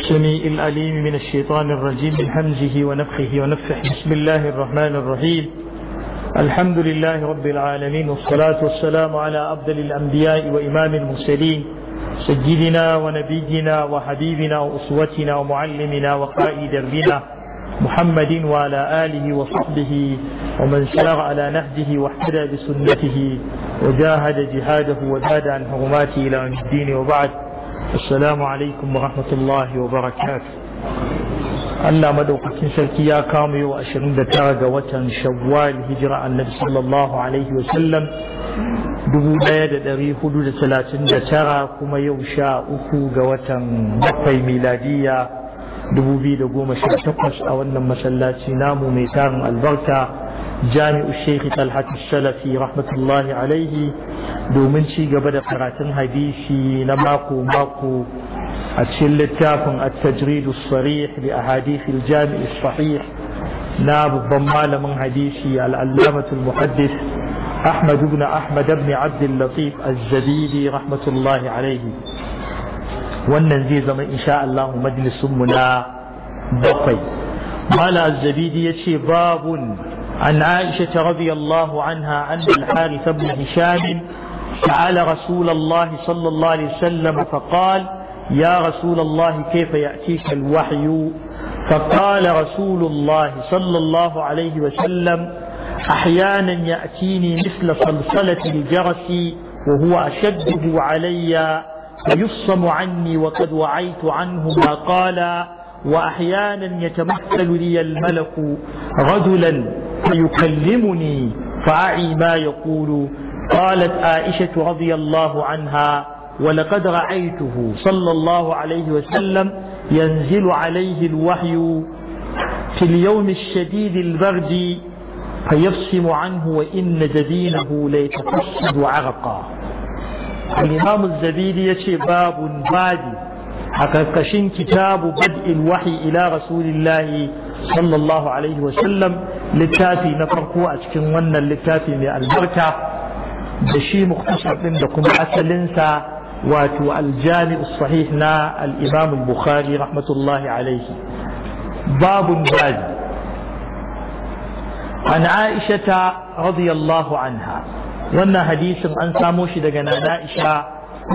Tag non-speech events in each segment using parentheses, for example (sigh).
السميع العليم من الشيطان الرجيم من همزه ونفخه ونفخه بسم الله الرحمن الرحيم الحمد لله رب العالمين والصلاة والسلام على أفضل الأنبياء وإمام المرسلين سيدنا ونبينا وحبيبنا وأسوتنا ومعلمنا وقائد دربنا محمد وعلى آله وصحبه ومن سار على نهجه واحتدى بسنته وجاهد جهاده وزاد عن حرماته إلى الدين وبعد alaikum wa ورحمة wa وبركاته Allah madaukakin sarki ya kama yau tara ga watan Shawwal hijira Annabi sallallahu alaihi wa sallam tara kuma yau sha uku ga watan bakwai miladiya takwas a wannan masallaci namu mai tarin albarka jami'u shekhi talhatu shalafi rahmatullahi alaihi domin ci gaba da karatun hadisi na mako-mako a cikin littafin at-tajrid as-sarih li ahadith al-jami' as na babban malamin hadisi al-allamah al-muhaddith أحمد بن أحمد بن عبد اللطيف الزبيدي رحمة الله عليه والنزيز إن شاء الله مجلس منا بقي مالا الزبيدي يشي باب عن عائشة رضي الله عنها عن الحارث بن هشام سأل رسول الله صلى الله عليه وسلم فقال يا رسول الله كيف يأتيك الوحي فقال رسول الله صلى الله عليه وسلم أحيانا يأتيني مثل صلصلة الجرس وهو أشده علي فيفصم عني وقد وعيت عنه ما قال وأحيانا يتمثل لي الملك رجلا فيكلمني فأعي ما يقول قالت عائشة رضي الله عنها ولقد رأيته صلى الله عليه وسلم ينزل عليه الوحي في اليوم الشديد البرد فيفصم عنه وإن جبينه ليتقصد عرقا الإمام الزبيدي يشي باب بادي حقق كتاب بدء الوحي إلى رسول الله sallallahu alaihi wa sallam littafi na farko a cikin wannan littafi mai albarka da shi muktasar ɗin da kuma asalinsa wato aljami sahih na al-imam bukhari rahmatullahi alaihi babu babi an aishata رضي anha wannan hadisin an samo shi دقنا عائشة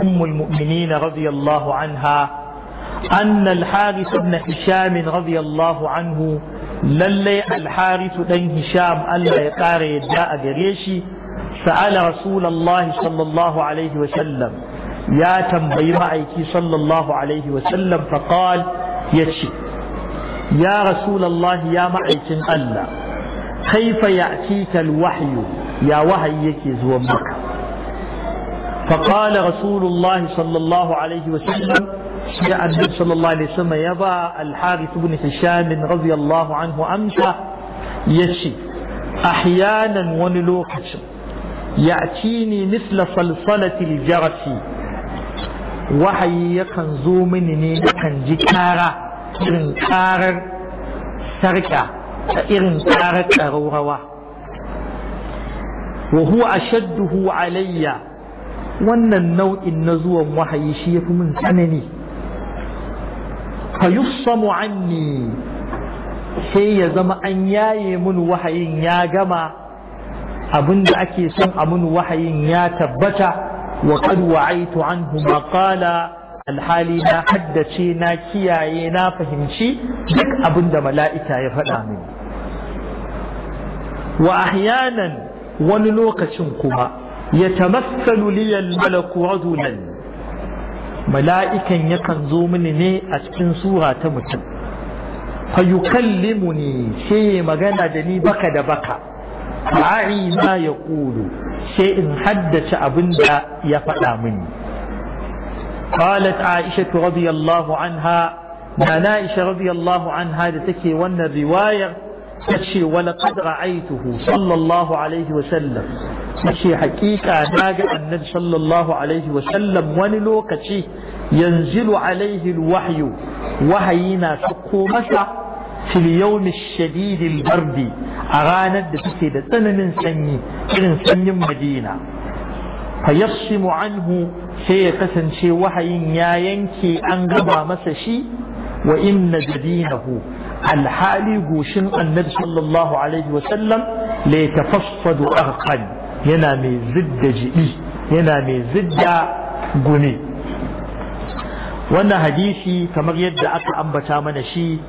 أم المؤمنين رضي anha. أن الحارث بن هشام رضي الله عنه للي الحارث بن هشام ألا يقار يدعى قريشي سأل رسول الله صلى الله عليه وسلم يا تنبي معك صلى الله عليه وسلم فقال يشي يا رسول الله يا معك ألا كيف يأتيك الوحي يا وحي يكيز ومك فقال رسول الله صلى الله عليه وسلم sai annabi sallallahu alaihi wasallam ya ba al-harith ibn hisham radiyallahu anhu amsa yace ahyanan wani lokacin ya'tini misla salsalati al-jarasi wahayi yakan zo mini ne kan ji kara irin karar sarka irin karar ƙararrawa wa huwa ashadduhu alayya wannan nau'in na zuwan wahayi shi yafi min tsanani فيصم anni sai ya zama an yaye mun wahayin ya gama abin da ake son a mun wahayin ya tabbata wa qad wa'aitu anhu ma qala alhali na haddace na kiyaye na fahimci duk abin da mala'ika ya faɗa min wa ahyanan wani lokacin kuma ya tamassalu liyal malaku rajulan mala'ikan yakan zo mini ne a cikin sura ta mutum fa yukallimuni sai magana da ni baka da baka ra'i ma ya kulu sai in haddace abin da ya faɗa mini قالت عائشة رضي الله عنها أنا عائشة رضي الله عنها لتكي ون الرواية تشي ولقد رأيته صلى الله عليه وسلم suke hakika na ga annabi sallallahu alaihi wa sallam wani lokaci yanzilu alaihi alwahyu wahayi na sako masa fil yawmi shadid albardi a ranar da take da tsananin sanyi irin sanyin madina fa yashimu anhu sai ya kasance wahayin ya yanke an gaba masa shi wa inna jadinahu alhali goshin annabi sallallahu alaihi wa sallam la yatafassadu arqan yana mai zidda jiɗi yana mai zidda gumi wannan hadisi kamar yadda aka ambata mana shi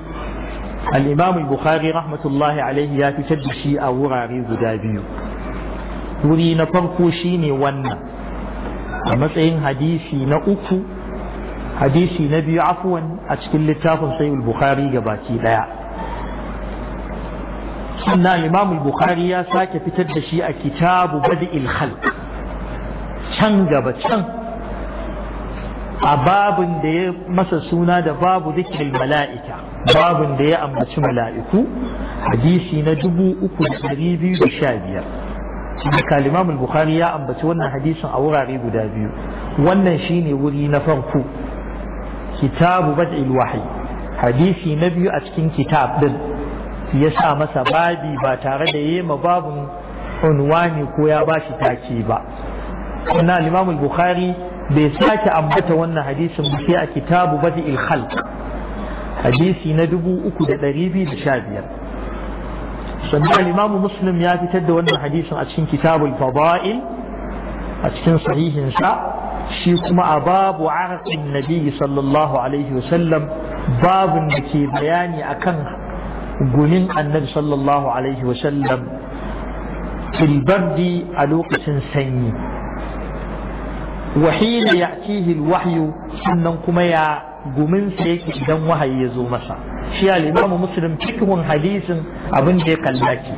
al'imam bukhari rahmatullahi alaihi ya fitar da shi a wurare guda biyu wuri na farko shine wannan a matsayin hadisi na uku hadisi na biyu afuwan a cikin littafin sai bukhari ga baki ɗaya sannan imam bukhari ya sake fitar da shi a kitabu badi'il ilhal can gaba can a babin da ya masa suna da babu zikirin mala'ika babin da ya ambaci mala'iku hadisi na dubu uku da biyu da sha biyar kalimam bukhari ya ambaci wannan hadisin a wurare guda biyu wannan shine wuri na farko kitabu bad'il wahyi hadisi na biyu a cikin kitab din ya sa masa babi ba tare da yi ma babin unwani ko ya ba shi take ba wannan limamul bukhari bai sake ambata wannan hadisin ba sai a kitabu badi il hadisi na biyar. sannan al muslim ya fitar da wannan hadisin a cikin kitabul fada'il a cikin sahihin sa shi kuma a babu arqin nabi sallallahu alaihi wasallam babin da ke bayani akan gumin annabi sallallahu alaihi wasallam filbardi a lokacin sanyi wahina ya cihil wahyu sannan kuma ya guminsa yake idan wahayi ya zo masa shi al'imamu muslim cikin hadisin abin da ya kallaki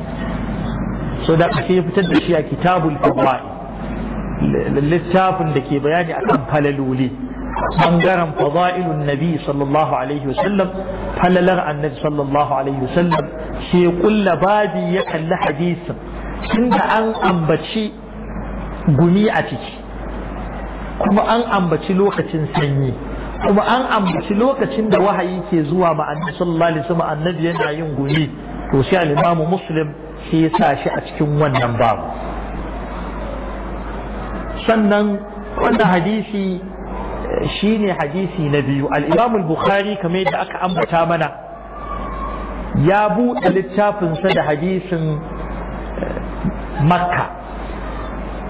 so da ya fitar da shi a kitabul fadwa'i littafin da ke bayani akan falaloli bangaren fada'ilun nabi sallallahu alaihi wasallam falalar annabi sallallahu alaihi wasallam sai kulla babi ya kalli hadisin tunda an ambaci gumi a ciki kuma an ambaci lokacin sanyi kuma an ambaci lokacin da wahayi ke zuwa ma annabi sallallahu alaihi wasallam annabi yana yin gumi to sai al-imamu muslim shi sa shi a cikin wannan babu sannan wannan hadisi shine hadisi na biyu al-Imam al-Bukhari kamar yadda aka ambata mana ya buɗe littafinsa da hadisin eh, Makka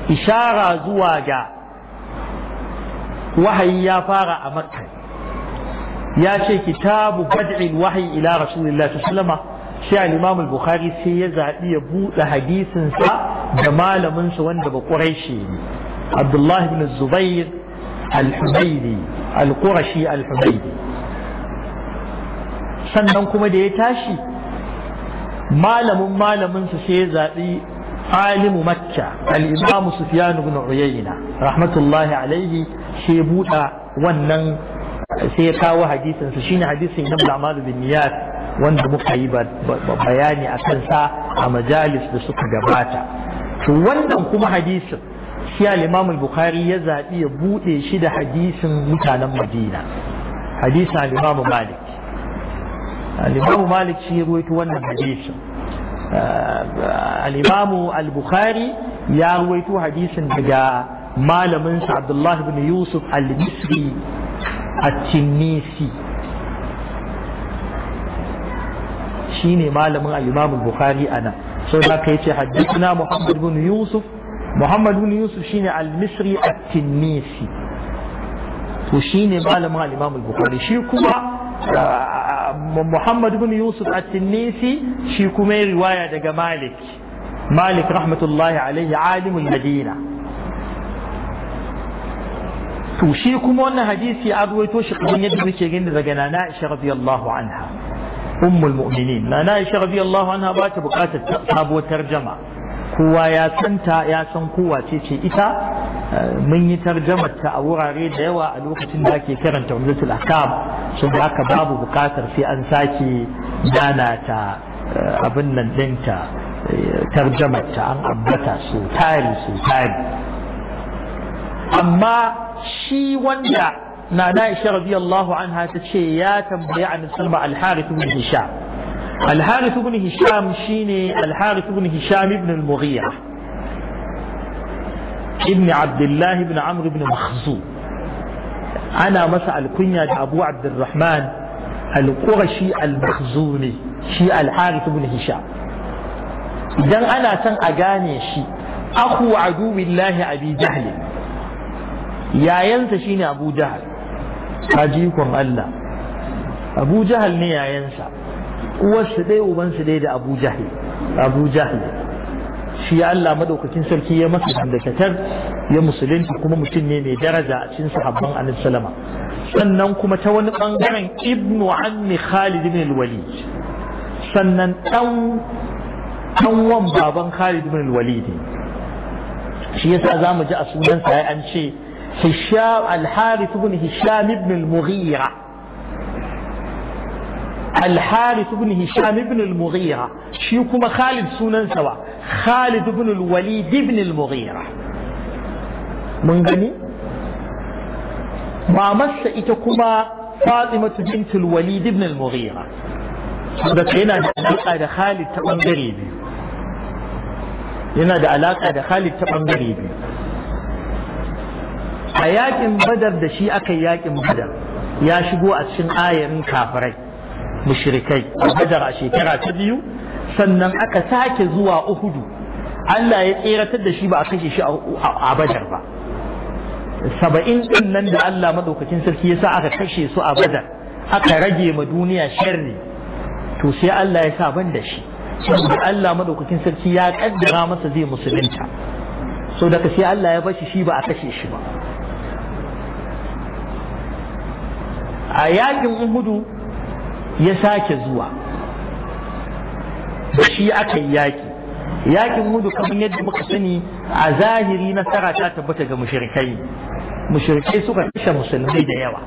ishara zuwa ga wahayi ya fara a Makka ya ce kitabu bad'il wahyi ila Rasulillah sallallahu alaihi sai al-Imam al-Bukhari sai ya zaɓi ya buɗe hadisinsa da malaminsa wanda ba shi ne abdullahi ibn Zubair al-humaydi al sannan kuma da ya tashi malamin malamin su sai ya zaɓi alimu makka al-imamu sufyan ibn uyayna rahmatullahi alaihi sai buɗa wannan sai ya kawo hadisin su shine hadisin ibn al-amal bin wanda muka yi bayani a kansa a majalis da suka gabata to wannan kuma hadisin shi al-Imam al-Bukhari ya zabi ya bude shi da hadisin mutanen Madina hadisin al-Imam Malik al-Imam Malik shi ya ruwaito wannan hadisin al-Imam al-Bukhari ya ruwaito hadisin daga malamin sa Abdullah ibn Yusuf al-Misri at-Tinnisi shine malamin al-Imam al-Bukhari ana sai da kai ce haddathna Muhammad ibn Yusuf muhammad bin yusuf shine al-misri at-tinnisi to shine malamin al-imam al uh, uh, uh, muhammad bin yusuf at-tinnisi shi kuma ya riwaya daga malik malik rahmatullahi alaihi alimul madina to shi kuma wannan hadisi a ruwaito shi kamar yadda muke gani daga nana Aisha anha anha ba ta bukatar sabuwar tarjama kowa ya santa ya san kowa ce ce ita eh, mun yi tarjamar a wurare da yawa a lokacin da ake karanta wanzu akam sun da haka babu bukatar sai an sake dana ta eh, abin nan dinta eh, tarjamarta an ambata su tari su tari amma shi wanda na na isha radiyallahu anha ta ce ya tambayi a salma al-harith hisham الحارث بن هشام شيني الحارث بن هشام بن المغيرة ابن عبد الله بن عمرو بن مخزوم أنا مسأل كنيا أبو عبد الرحمن القرشي المخزومي شي الحارث بن هشام إذا أنا سن أغاني شي أخو عدو الله أبي جهل يا ينسى شيني أبو جهل أجيكم الله أبو جهل ني يا ينسى uwarsu dai ubansu dai da abu jahil abu jahil shi Allah madaukakin sarki ya masa dangantakar ya musulunci kuma mutum ne mai daraja a cikin sahabban annabi salama. sannan kuma ta wani bangaren ibnu ammi khalid bin al-walid sannan dan kanwan baban khalid bin al-walid shi yasa zamu ji a sunan sa an ce hisham al-harith ibn hisham ibn al-mughira الحارث بن هشام بن المغيرة شي كما خالد سنن سوا خالد بن الوليد بن المغيرة من غني ما مس إتكما فاطمة بنت الوليد بن المغيرة da yana da alaƙa da Khalid ta ɓangare da alaƙa da Khalid ta ɓangare a yaƙin badar da shi aka yi badar ya shigo a cikin ayarin kafirai mushrikai hajar a shekara ta biyu sannan aka sake zuwa uhudu Allah ya tseratar da shi ba a kashe shi a badar ba saba'in ɗin nan da Allah maɗaukakin sarki ya sa aka kashe su a badar aka rage ma duniya sharri to sai Allah ya sa ban da shi saboda Allah maɗaukakin sarki ya kaddara masa zai musulunta so daga sai Allah ya bashi shi ba a kashe shi ba a yakin uhudu ya sake zuwa da shi aka yi yaƙi yaƙin hudu kamar yadda muka sani a zahiri nasara ta tabbata ga mushrikai mushrikai suka kashe musulmai da yawa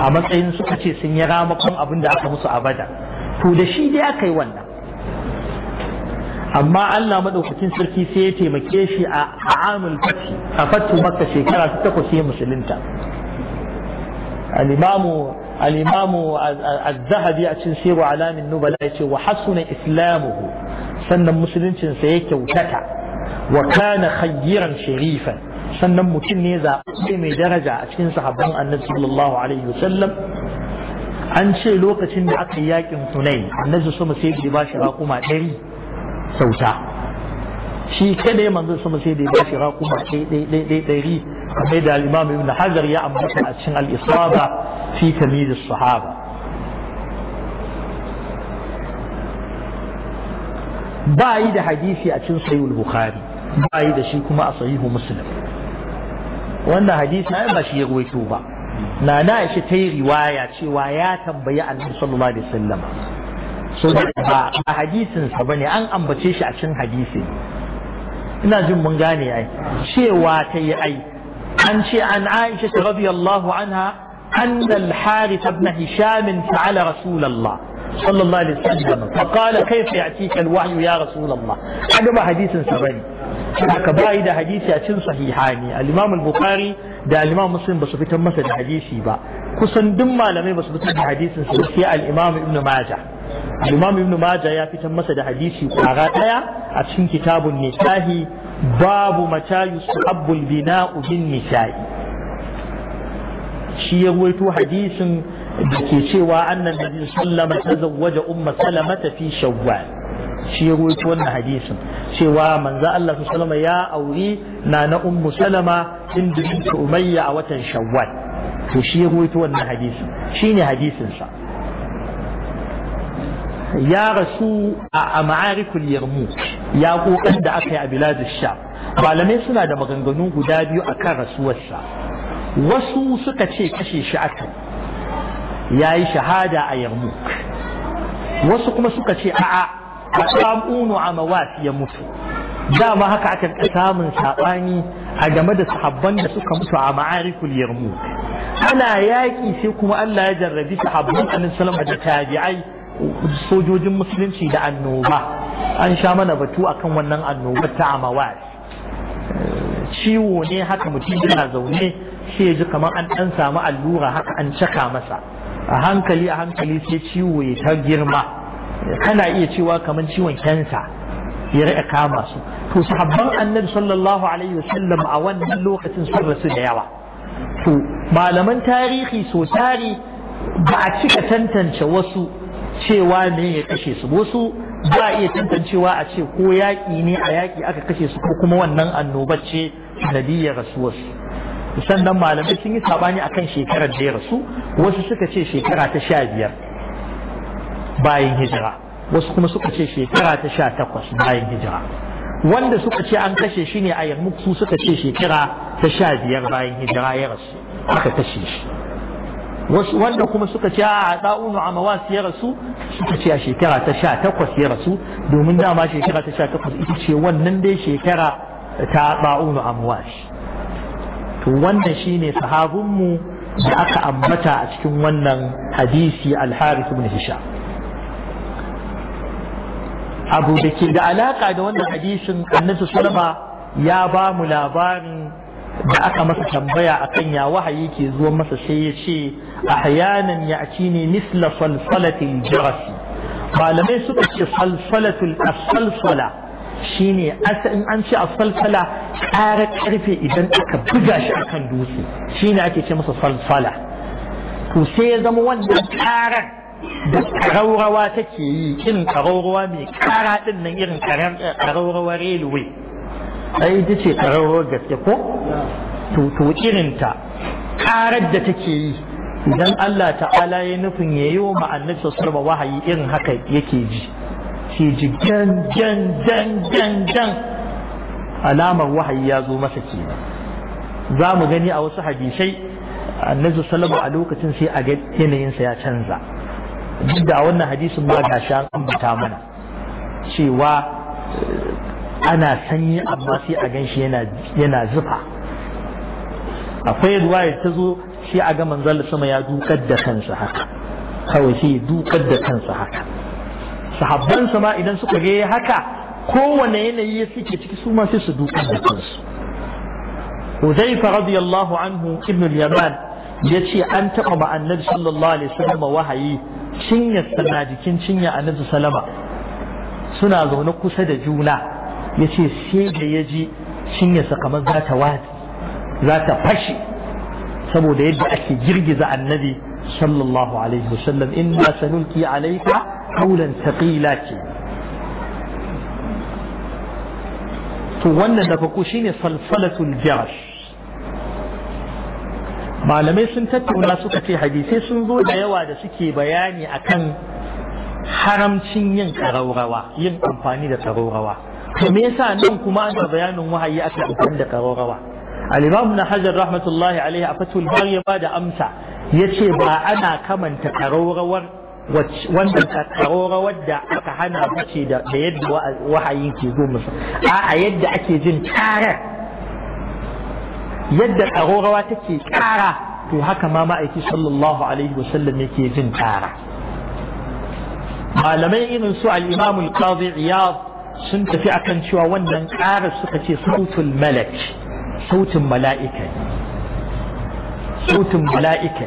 a matsayin suka ce sun yi ramakon abin da aka musu abada to da shi dai aka yi wannan amma Allah maɗaukacin sarki sai ya taimake shi a amul fati a fatu makka shekara ta takwas musulinta. musulunta al al-imamu az-zahabi a cikin siru alamin nubala yace wa hasuna islamuhu sannan musuluncinsa ya kyautata wa kana khayran sharifan sannan mutum ne zaɓe mai daraja a cikin sahabban annabi sallallahu alaihi wasallam an ce lokacin da aka yi yakin hunain annabi sama sai bai bashi raƙuma ɗari sauta shi kadai manzon sama sai bai bashi raƙuma ɗari kamar da imam ibn hajar ya ambata a cikin al-isaba fi tamyiz sahaba ba yi da hadisi a cikin sahih al-bukhari ba yi da shi kuma a sayi muslim wannan hadisi ba shi ya ruwaito ba na na shi ta yi riwaya cewa ya tambayi annabi sallallahu alaihi wasallam so ba a hadisin sa bane an ambace shi a cikin hadisi ina jin mun gane ai cewa ta yi ai عن عن عائشة رضي الله عنها أن الحارث بن هشام سأل رسول الله صلى الله عليه وسلم فقال كيف يأتيك الوحي يا رسول الله هذا ما حديث سبني haka bayi da hadisi a cin sahihani al-Imam al-Bukhari da al-Imam Muslim basu fitar masa da hadisi ba kusan duk malamai basu fitar da hadisin su sai al-Imam Ibn Majah al-Imam Ibn Majah ya fitar masa da hadisi kwara daya a cikin kitabun Nisahi babu mata yusabbul bina'u ubin nisa'i shi ya ruwaito hadisin da ke cewa annan nabi sallama tazawwaja umma salamata fi shawwal shi ya ruwaito wannan hadisin cewa manzo Allah sallama ya auri na na ummu salama inda bint umayya a watan shawwal to shi ya ruwaito wannan hadisin shine hadisin sa ya rasu a ma'arikul yarmouk ya kokan da aka yi a biladun sha malamai suna da maganganu guda biyu a kan rasuwarsa wasu suka ce kashe shi aka ya yi shahada a yarmouk wasu kuma suka ce a'a a sam'unu a mawasi ya mutu dama haka aka samun saɓani a game da sahabban da suka mutu a ma'arikul yarmouk ana yaƙi sai kuma Allah ya jarrabi sahabban annabi sallallahu alaihi wasallam da tabi'ai sojojin musulunci da annoba an sha mana batu akan wannan annobar ta amawa ciwo ne haka mutum yana zaune sai ya ji kamar an dan samu allura haka an caka masa a hankali a hankali sai ciwo ya ta girma kana iya cewa kamar ciwon kansa ya rika kama su to sahabban annabi sallallahu alaihi wasallam a wannan lokacin sun rasu da yawa to malaman tarihi so tari ba a cika tantance wasu cewa ne ya kashe su wasu ba iya tantancewa a ce ko yaƙi ne a yaƙi aka kashe su ko kuma wannan annobar ce sanadiyar rasuwarsu sannan malamai sun yi sabani a kan shekarar da ya rasu wasu suka ce shekara ta sha biyar bayan hijira wasu kuma suka ce shekara ta sha takwas bayan hijira wanda suka ce an kashe shi ne a yarmuk su suka ce shekara ta sha biyar bayan hijira ya rasu aka kashe shi wanda kuma suka ce a da'unu a mawas ya rasu suka ce a shekara ta sha takwas ya rasu domin dama shekara ta sha takwas ita ce wannan dai shekara ta da'unu a mawas to wannan shine sahabinmu da aka ambata a cikin wannan hadisi al-harith ibn hisham abu da ke da alaka da wannan hadisin annabi sallama ya ba mu labarin da aka masa tambaya akan ya wahayi ke zuwa masa sai ya ce ahyanan ya'tini misla salsalatil darasi. malamai suka ce salsalatul asalsala shine in an ce asalsala ƙara karfe idan aka buga shi akan dutse shine ake ce masa falsala. to sai ya zama wannan ƙarar da ƙaraurawa take yi irin ƙaraurawa mai ƙara ɗin nan irin ƙaraurawa railway ai ita ce ƙararrawar gaske ko to irinta karar da take yi idan Allah ta'ala ya nufin ya yi wa ma'annabi sallama wahayi irin haka yake ji ke ji jan jan jan jan jan alamar wahayi ya zo masa ke za mu gani a wasu hadisai annabi sallallahu a lokacin sai a ga yanayinsa ya canza duk da wannan hadisin ma ga sha an mana cewa ana sanyi amma sai a ganshi yana yana zufa akwai ruwaya ta zo sai a ga manzal sama ya dukar da kansa haka kawai sai dukar da kansa haka sahabban ma idan suka ga haka kowane yanayi suke ciki su ma sai su dukar da kansu Hudayfa radiyallahu anhu ibn al-Yaman yace an taba ma annabi sallallahu alaihi wasallam wahayi cinya sana jikin cinya annabi salama suna zaune kusa da juna ya ce sai da ya ji cinyarsa kamar za ta wata za ta fashe saboda yadda ake girgiza annabi sallallahu alaihi wasallam na sanulki alaika qawlan thaqila ce to wannan da shine salsalatul jarash malamai sun tattauna suka ce hadisai sun zo da yawa da suke bayani akan haramcin yin karaurawa yin amfani da karaurawa to me yasa nan kuma ana bayanin wahayi aka amfani da kararrawa al-imam na hajar rahmatullahi alaihi a fatul bari ya bada amsa yace ba ana kamanta kararrawar wannan kararrawar da aka hana bace da yadda wahayi ke zo musu a yadda ake jin karar yadda kararrawa take kara to haka ma ma'aiki sallallahu alaihi wasallam yake jin tara malamai irin su al-imam al-qadi iyad sun tafi akan cewa wannan ƙara suka ce sautul malak sautin mala'ika sautin mala'ika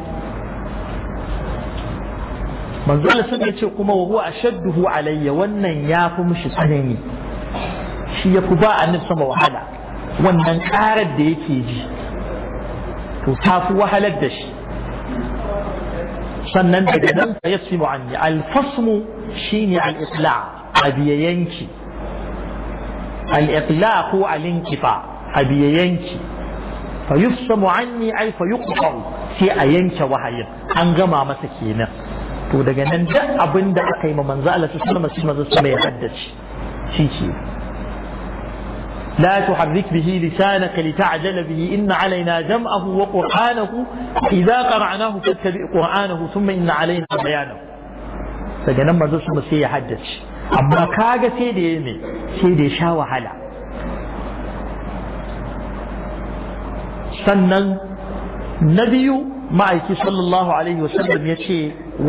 manzo Allah sun ce kuma wa huwa ashadduhu alayya wannan yafi mishi tsanani shi yafi ba annabi sama wahala wannan ƙarar da yake ji to fi wahalar da shi sannan daga nan fa yasmu anni al-fasmu shine al-isla' abiyayanki الإطلاق الانقطاع أبي ينكي فيفصم عني أي فيقطع في أينك وهي wahayin مسكينة to daga nan duk abin da aka yi ma manzo Allah su sallama su manzo su mai haddace shi لا تحرك به لسانك لتعجل به إن علينا جمعه وقرآنه إذا قرعناه فاتبع قرآنه ثم إن علينا بيانه فجنم ما زوج مسيح حدث amma kaga sai da ya mai sai da ya sha wahala sannan na biyu ma'aiki sallallahu alaihi wasallam ya ce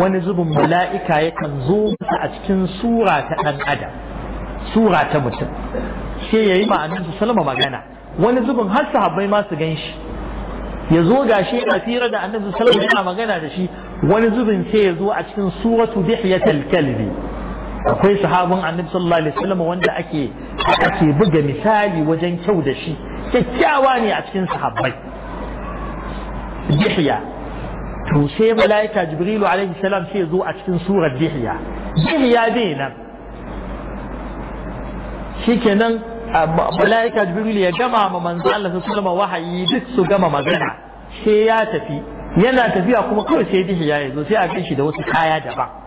wani zubin mala'ika yakan zo a cikin sura ta ɗan adam sura ta mutum sai ya yi ma'anin su salama magana wani zubin har sahabbai ma su gan shi ya zo ga shi a fira da annabi sallallahu alaihi yana magana da shi wani zubin sai ya zo a cikin suratu dihiyatal kalbi akwai sahabin annabi sallallahu alaihi wasallam wanda ake ake buga misali wajen kyau da shi kyakkyawa ne a cikin sahabbai dihya to sai malaika jibrilu alaihi salam sai zo a cikin surar dihya dihya dai nan shikenan malaika jibrilu ya gama ma manzo Allah sallallahu alaihi wahayi duk su gama magana sai ya tafi yana tafiya kuma kawai sai dihya ya zo sai a kai da wasu kaya daban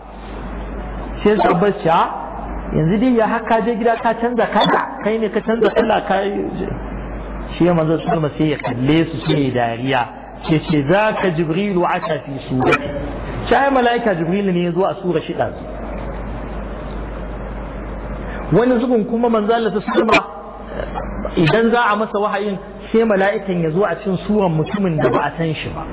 sai sabbar shi yanzu dai ya haka je gida ka canza kala kai ne ka canza kala ka shi ya manzo sallama sai ya kalle su sai dariya ke ce za ka jibrilu aka fi surati shi ai mala'ika jibrilu ne ya zo a sura shida. wani zubin kuma manzo Allah sallama idan za a masa wahayin sai mala'ikan ya zo a cin suran mutumin da ba a san shi ba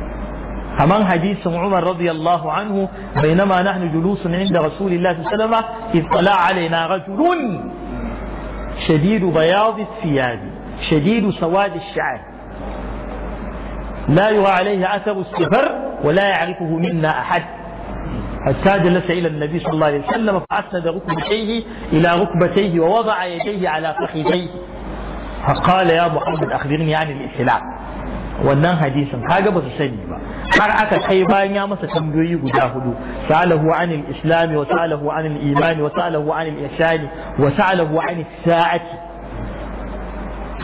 أمام حديث عمر رضي الله عنه بينما نحن جلوس عند رسول الله صلى الله عليه وسلم إذ طلع علينا رجل شديد بياض الثياب شديد سواد الشعر لا يرى عليه أثر السفر ولا يعرفه منا أحد حتى جلس إلى النبي صلى الله عليه وسلم فأسند ركبتيه إلى ركبتيه ووضع يديه على فخذيه فقال يا محمد أخبرني عن الإسلام وأنه حديث هذا ba su har aka kai bayan ya masa tambayoyi guda hudu sa'alahu anil islami wa sa'alahu anil imani wa sa'alahu anil ihsani wa sa'alahu anil sa'ati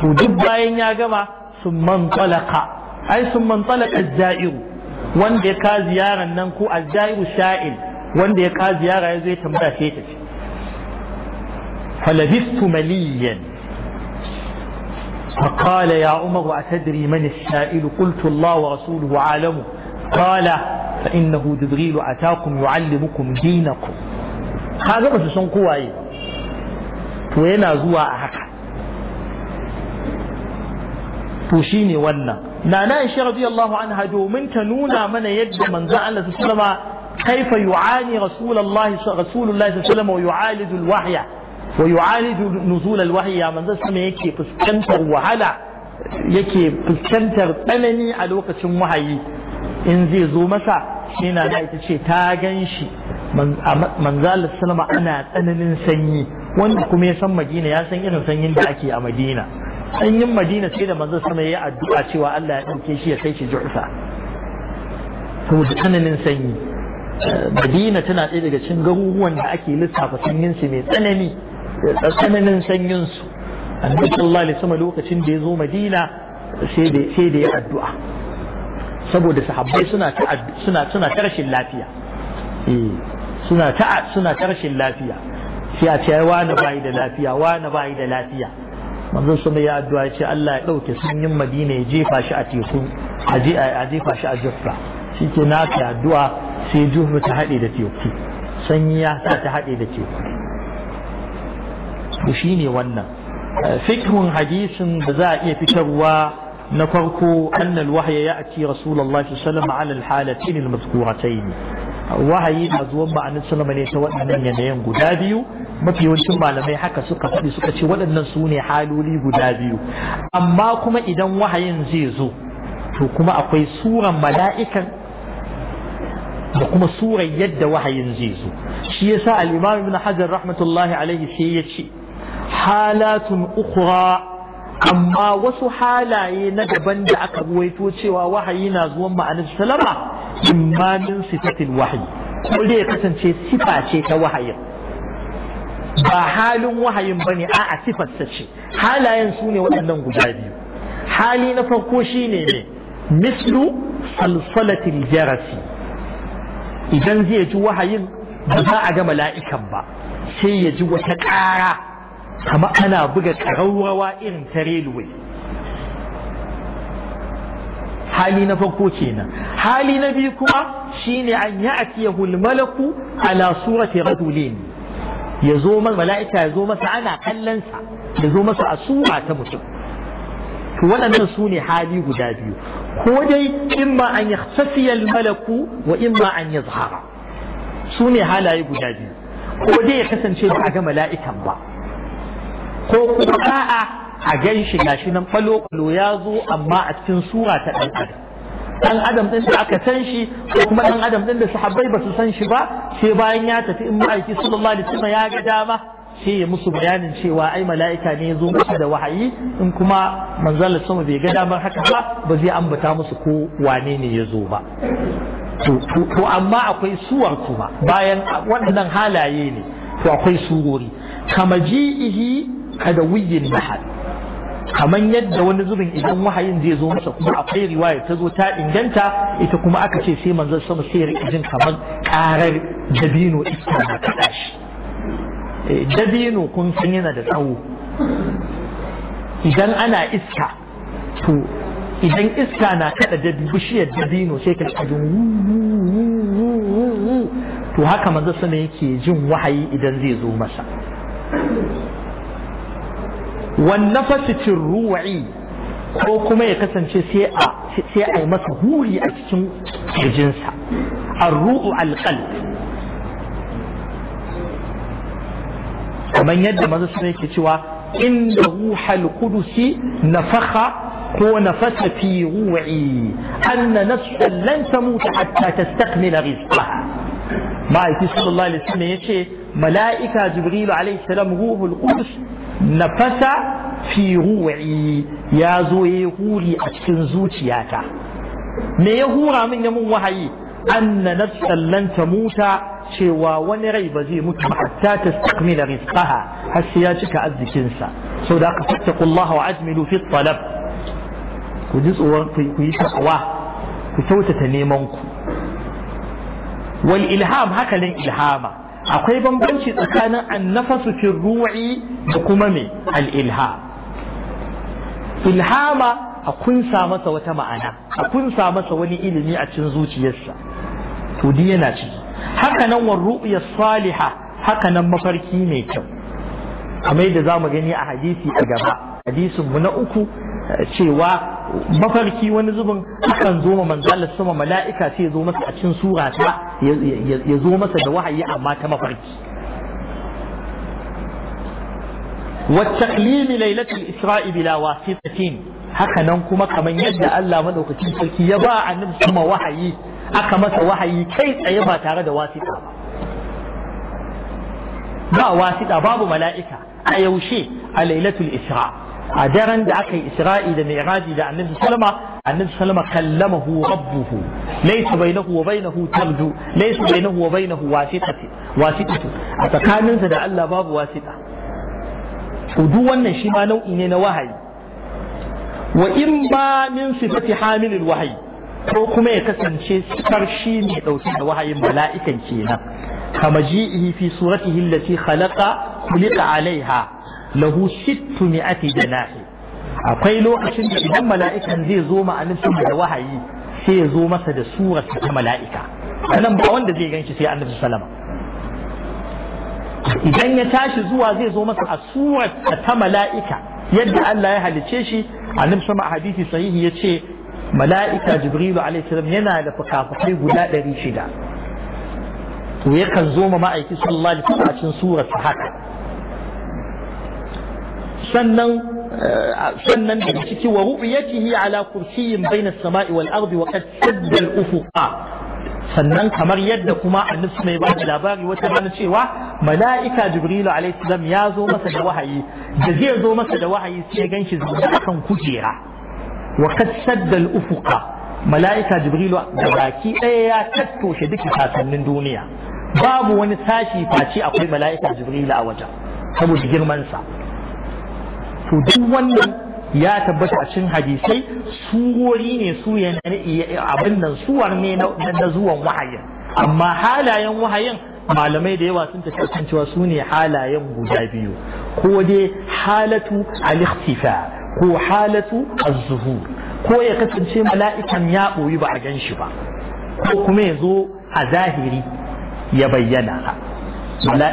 to duk bayan ya gama summan man talaka ai summan man talaka zairu wanda ya ka ziyaran nan ko azzairu sha'il wanda ya ka ziyara ya zai tambaya sai ta ce falabistu maliyan فقال يا عمر أتدري من السائل قلت الله ورسوله أعلم قال فإنه جبريل أتاكم يعلمكم دينكم هذا بس سن كواي وين زوا هكا وشيني ونا نانا عائشة رضي الله عنها جو من تنونا من يد من زعل سلم كيف يعاني رسول الله رسول الله صلى الله عليه وسلم ويعالج الوحي ويعالج نزول الوحي يا من زعل يكي فسكنتر وهلا yake fuskantar tsanani a lokacin wahayi in zai zo masa shi na da ita ce ta gan shi manzala salama ana tsananin sanyi wanda kuma ya san madina ya san irin sanyin da ake a madina sanyin madina sai da manzala sama ya addu'a cewa Allah ya ɗauke shi ya kai shi ju'fa saboda tsananin sanyi madina tana ɗaya daga cikin garuruwan da ake lissafa sanyin su mai tsanani tsananin sanyin su annabi sallallahu alaihi wasallam lokacin da ya zo madina sai da ya addu'a saboda sahabbai suna ta suna ta rashin lafiya hmm. suna ta suna ta rashin lafiya sai a ce wani bai da lafiya wa wani bai da lafiya manzon sun ya addu'a ya ce Allah ya dauke sunyin Madina ya jefa shi a teku a je a jefa shi a Jufra shike na ta addu'a sai Jufra ta hade da teku sanyi ya sa ta hade da teku to shine wannan fikhun hadisin da za a iya fitarwa na farko الوحي يأتي رسول الله صلى الله عليه وسلم على الحالتين المذكورتين wahayi na zuwan ma'anar salama ne ta waɗannan yanayin guda biyu mafi yawancin malamai haka suka faɗi suka ce waɗannan su ne haloli guda biyu amma kuma idan wahayin zai zo to kuma akwai suran mala'ikan da kuma surar yadda wahayin zai zo shi yasa al-imam ibn hajar rahmatullahi alaihi sai ya ce halatun ukhra amma wasu halaye na daban da aka ruwaito cewa wahayi na zuwan ma'anar salama imanin sifatin wahayi ko dai ya kasance sifa ce ta wahayin ba halin wahayin ba ne a'a sifarsa ce halayen su ne waɗannan guda biyu hali na farko shi ne ne mislu salsalatin jarasi idan zai ji wahayin ba za a ga mala'ikan ba sai ya ji wata ƙara kama ana buga ƙararrawa irin ta railway hali na farko kenan hali na biyu kuma shine an ya'tiyahu al-malaku ala surati rajulin ya zo mala'ika ya zo masa ana kallonsa. sa ya zo masa a sura ta mutum to waɗannan su ne hali guda biyu ko dai imma an yakhsafiya safiyar malaku wa ma an zahara. su ne halaye guda biyu ko dai ya kasance ba a ga mala'ikan ba ko kuma a'a a gan shi shi nan falo-falo ya zo amma a cikin sura ta ɗan adam ɗan adam ɗin da aka san shi ko kuma ɗan adam ɗin da sahabbai ba su san shi ba sai bayan ya tafi in ma'aiki sallallahu alaihi wasallam ya ga dama sai ya musu bayanin cewa ai mala'ika ne ya zo musu da wahayi in kuma manzala sama bai ga damar haka ba ba zai ambata musu ko wane ne ya zo ba to amma akwai suwar kuma bayan waɗannan halaye ne to akwai surori kama ihi قدوي محل kaman yadda wani zubin idan wahayin zai zo masa kuma akwai riwaya ta zo ta inganta ita kuma aka ce sai manzon sama sai ya jin kaman karar dabino iska na kada shi dabino kun san yana da tsawo idan ana iska to idan iska na kada dabi bishiyar dabino sai ka jin to haka manzon sama yake jin wahayi idan zai zo masa wannafasi cin ruwa'i ko kuma ya kasance sai a yi masa huri a cikin kirjinsa arru'u alƙal kamar yadda maza suna yake cewa inda ruhal kudusi nafaka ko nafasa fi ruwa'i anna nafsan lan tamuta hatta tastakmila rizqaha ma'aiki sallallahu alaihi wasallam yace mala'ika jibril alaihi salam ruhul qudus nafasa fi ya zo ya huri a cikin zuciyata me ya hura min ya mun wahayi anna nafsan lan tamuta cewa wani rai ba zai mutu hatta tastakmila rizqaha har sai ya cika arzikin sa saboda haka fattaqullaha wa ajmilu fi talab ku ji tsoron ku yi takwa ku kyautata neman ku wal ilham haka ilhama akwai bambanci tsakanin annafasu fi ru'i da kuma me al-ilha ilhama a kunsa masa wata ma'ana a kunsa masa wani ilimi a cikin zuciyarsa to di yana ciki haka nan wa ru'ya salihah haka nan mafarki mai kyau kamar da zamu gani a hadisi a gaba hadisin mu na uku eh, cewa mafarki wani zubin akan zoma ma manzalar sama mala'ika sai ya zo masa a cin surata ta ya zo masa da wahayi amma ta mafarki والتقليم ليلة الإسراء بلا واسطة haka nan kuma kamar yadda Allah madaukakin sarki ya ba annabi sama aka masa wahayi kai tsaye ba tare da wasita ba ba wasita babu mala'ika a yaushe a lailatul isra a daren da aka yi isra'i da mi'raji da annabi sallama annabi sallama kallamahu rabbuhu laysa bainahu wa bainahu tarju laysa bainahu wa bainahu wasitatu wasitatu a tsakaninsa da Allah babu wasita to duk wannan shi ma nau'i ne na wahayi wa in ba min sifati hamilil wahayi ko kuma ya kasance sifar shi ne dauke da wahayin mala'ikan kenan kama ji'ihi fi suratihi allati khalaqa khuliqa alaiha lahu sittu mi'ati janahi akwai lokacin da idan mala'ikan zai zo ma annabi sama da wahayi sai ya zo masa da surar ta mala'ika anan ba wanda zai ganshi sai annabi sallama idan ya tashi zuwa zai zo masa a surar ta mala'ika yadda Allah ya halice shi annabi sama a hadisi sahihi yace mala'ika jibril alaihi salam yana da fukafukai guda 600 to yakan zo ma ma'aiki sallallahu alaihi wasallam a cikin surar haka sannan eh, sannan daga ciki wa ru'yatihi ala kursiyyin baina as-sama'i wal ardi wa qad sadda al sannan kamar yadda kuma annabi mai ba da labari wata rana cewa mala'ika jibril alayhi salam ya zo masa da wahayi da zai zo masa da wahayi sai ya ganshi zuwa kan kujera wa qad sadda al-ufuqa mala'ika jibrilu da baki ɗaya ya tattoshe duk kasannin duniya babu wani sashi face akwai mala'ika jibrilu a wajen saboda girmansa to duk wannan ya tabbata a cikin hadisai gori ne su abin nan suwar ne na zuwan wahayin amma halayen wahayin malamai da yawa sun tafi kan cewa su ne halayen guda biyu ko dai halatu a ikhtifa ko halatu az-zuhur ko ya kasance mala'ikan ya ɓoyi ba a gan shi ba ko kuma ya zo a zahiri ya bayyana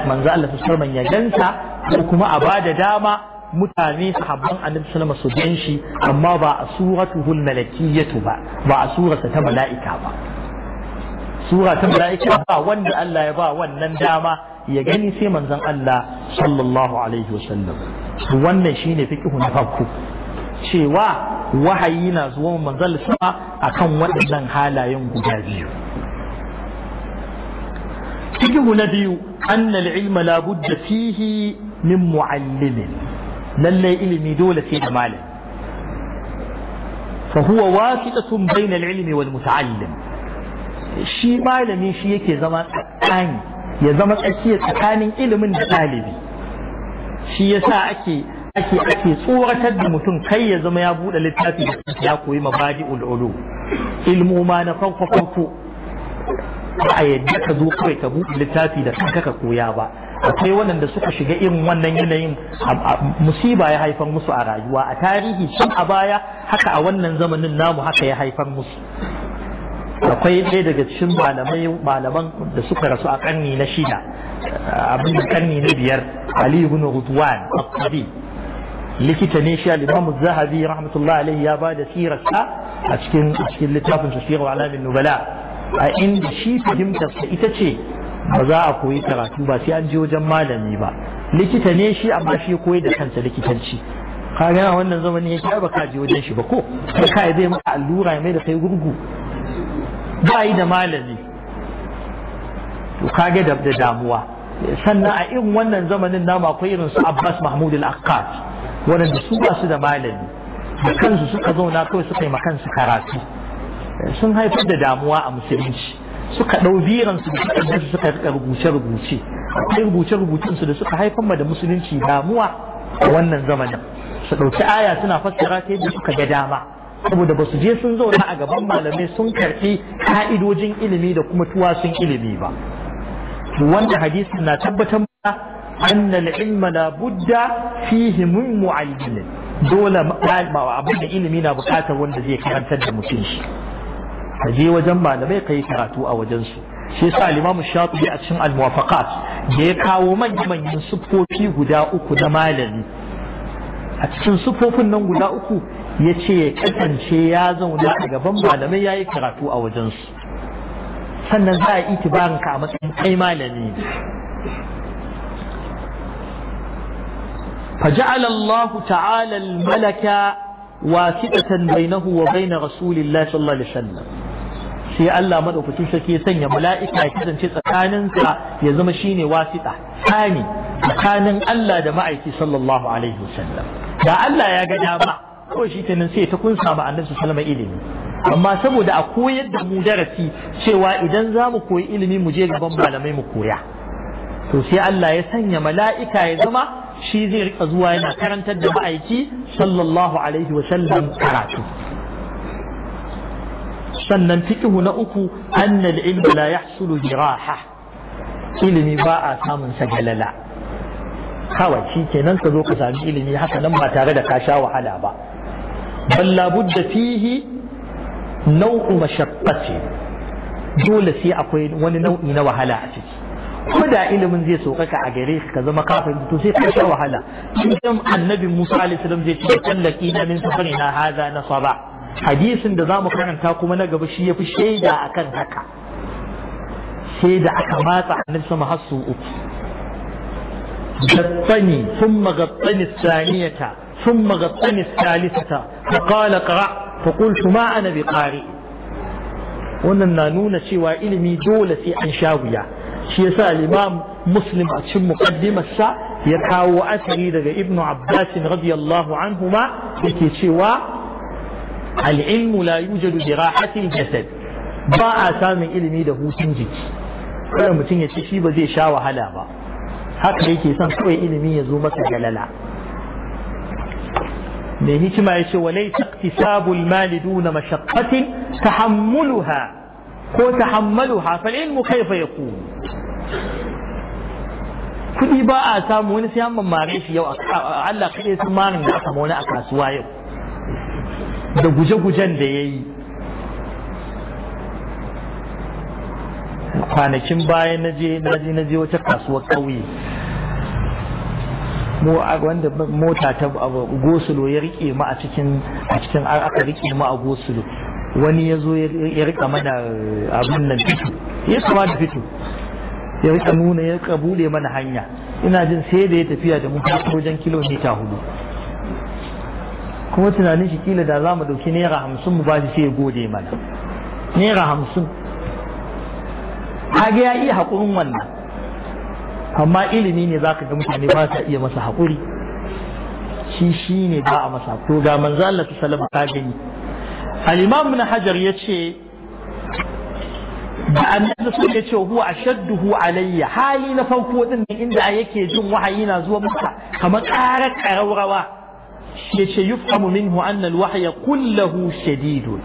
manzo Allah sallallahu ya ganta ko kuma a ba da dama mutane sahabban annabi sallama su gan shi amma ba a suratuhul malakiyatu ba ba a surata ta mala'ika ba sura ta mala'ika ba wanda Allah ya ba wannan dama ya gani sai manzon Allah sallallahu alaihi wasallam wannan shine fiqhu na farko cewa wahayi na zuwa manzon sama akan waɗannan halayen guda biyu fiqhu na biyu annal ilma la budda fihi min muallimin lallai ilimi dole ce da malami fa huwa wasitatun bainal ilmi wal muta'allim shi malami shi yake zama tsakani ya zama tsakiya tsakanin ilimin da ɗalibi shi yasa ake ake ake tsoratar da mutum kai ya zama ya buɗe littafi ya koyi mabadi ululu ilmu ma na farko farko ba a yadda ka zo kawai ka buɗe littafi da kanka ka koya ba akwai waɗanda suka shiga irin wannan yanayin musiba ya haifar musu a rayuwa a tarihi tun a baya haka a wannan zamanin namu haka ya haifar musu akwai ɗaya daga cikin malamai malaman da suka rasu a ƙarni na shida abin da ƙarni na biyar Ali ibn Rudwan al-Qadi likita ne shi al-Imam Zahabi rahmatullahi alaihi ya bada sirarsa a cikin a cikin littafin Tafsir wa Alamin Nubala a inda shi fahimtar ita ce ba za a koyi karatu ba sai an je wajen malami ba likita ne shi amma shi koyi da kansa likitanci ka gana wannan zamani ya ba ka je wajen shi ba ko ka kai zai maka allura mai da kai gurgu ba yi da malami to ka ga da damuwa sannan a irin wannan zamanin nama akwai irin su Abbas Mahmud al-Akkad wanda su ba su da malami da kansu suka zauna kawai suka yi ma kansu karatu sun haifar da damuwa a musulunci suka ɗau biransu da suka dasu suka rika rubuce-rubuce kai rubuce-rubucensu da suka haifar ma da musulunci damuwa a wannan zamanin su ɗauki aya suna fassara ta yadda suka ga dama saboda ba su je sun zauna a gaban malamai sun karɓi ka'idojin ilimi da kuma tuwasun ilimi ba wannan hadisi na tabbatar mana anna al-ilma la budda fihi min mu'allim dole abin da ilimi na bukatar wanda zai karantar da mutum shi ka je wajen malamai ka yi karatu a wajen su shi yasa Imam Shafi'i a cikin al-Muwafaqat da ya kawo manyan sufofi guda uku na malami a cikin sufofin nan guda uku ya ce ya kasance ya zauna a gaban malamai ya yi karatu a wajensu sannan za a itibarin ka a matsayin kai malami فجعل الله تعالى الملك واسطة بينه وبين رسول الله صلى الله عليه وسلم sai Allah madaukakin sarki ya sanya mala'ika ya kasance tsakaninsa ya zama shine wasita tsani tsakanin Allah da ma'aiki sallallahu alaihi wasallam da Allah ya ga dama ko shi kenan sai ta kunsa ma annabi sallallahu ilimi amma saboda a koyar da mu darasi cewa idan za mu koyi ilimi mu je gaban malamai mu koya to sai Allah ya sanya mala'ika ya zama shi zai rika zuwa yana karantar da ma'aiki sallallahu alaihi wasallam karatu sannan fiqhu na uku annal al la yahsulu jiraha raha ilimi ba a samun sa galala kawai shi kenan ka zo ka sami ilimi haka nan ba tare da ka sha wahala ba bal budda fihi nau'u mashaqqati dole sai akwai wani nau'i na wahala a ciki ko da ilimin zai saukaka a gare ka ka zama kafin to sai ka sha wahala in annabi Musa alaihi salam zai ce tallaki na min safarina hadha nasaba hadisin da za mu karanta kuma na gaba shi ya fi shaida a kan haka sai da aka matsa annabi sama har su uku gatsani sun magatsani saniyata sun magatsani salisata fa qala qara fa qultu ma ana bi kare. wannan na nuna cewa ilimi dole sai an sha wuya shi yasa al muslim a cikin muqaddimarsa ya kawo asiri daga ibnu abbas radiyallahu anhuma yake cewa العلم لا يوجد براحة الجسد با سامي علمي ده هوتين جيك فلا متين يتشي بزي شاوة هلا با حق ليك يسان كوي علمي يزومة جلالا نهيك ما يشي وليس اقتساب المال دون مشقة تحملها هو تحملها فالعلم كيف يكون كل باء سامي ونسي هم ما يو على قليل سمان ونسي هم ونسي هم da guje-gujen da ya yi kwanakin baya na je na je wata kasuwar ƙauye wanda mota ta gosulo ya rike mu a cikin a cikin aka rike mu a gosulo wani ya zo ya rika mana abin nan fito ya kama da fito ya rika nuna ya kabule mana hanya ina jin sai da ya tafiya da mu wajen kilomita hudu kuma tunanin shi kila da za mu ɗauki naira hamsin mu ba sai gode mana naira hamsin kaga ya iya haƙurin wannan amma ilimi ne za ka ga mutane ba sa iya masa haƙuri shi shi ne ba a masa to ga manzo Allah ta salama ka gani al-imam ibn hajar yace da annabi sun yace huwa ashadduhu alayya hali na farko din inda yake jin wahayi na zuwa masa kamar ƙarar ƙararrawa yace yufhamu minhu anna alwahya kulluhu shadidun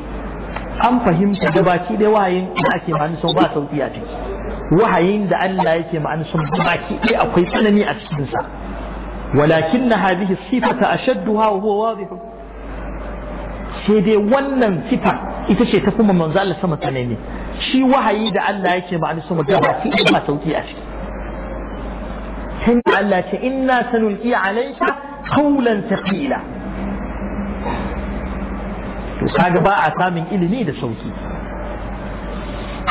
an fahimta baki da wahayin da ake ma'ani sun ba sauki a ciki wahayin da Allah yake ma'ani sun baki ɗaya akwai tsanani a cikinsa. sa walakin na hadhihi sifata ashadduha wa huwa wadih sai dai wannan sifa ita ce ta kuma manzo Allah sama tsanani shi wahayi da Allah yake ma'ani sun baki ɗaya ba sauki a ciki kan Allah ce inna sanulqi alayka قولا ثقيلا كاجا باع من إلني لسوكي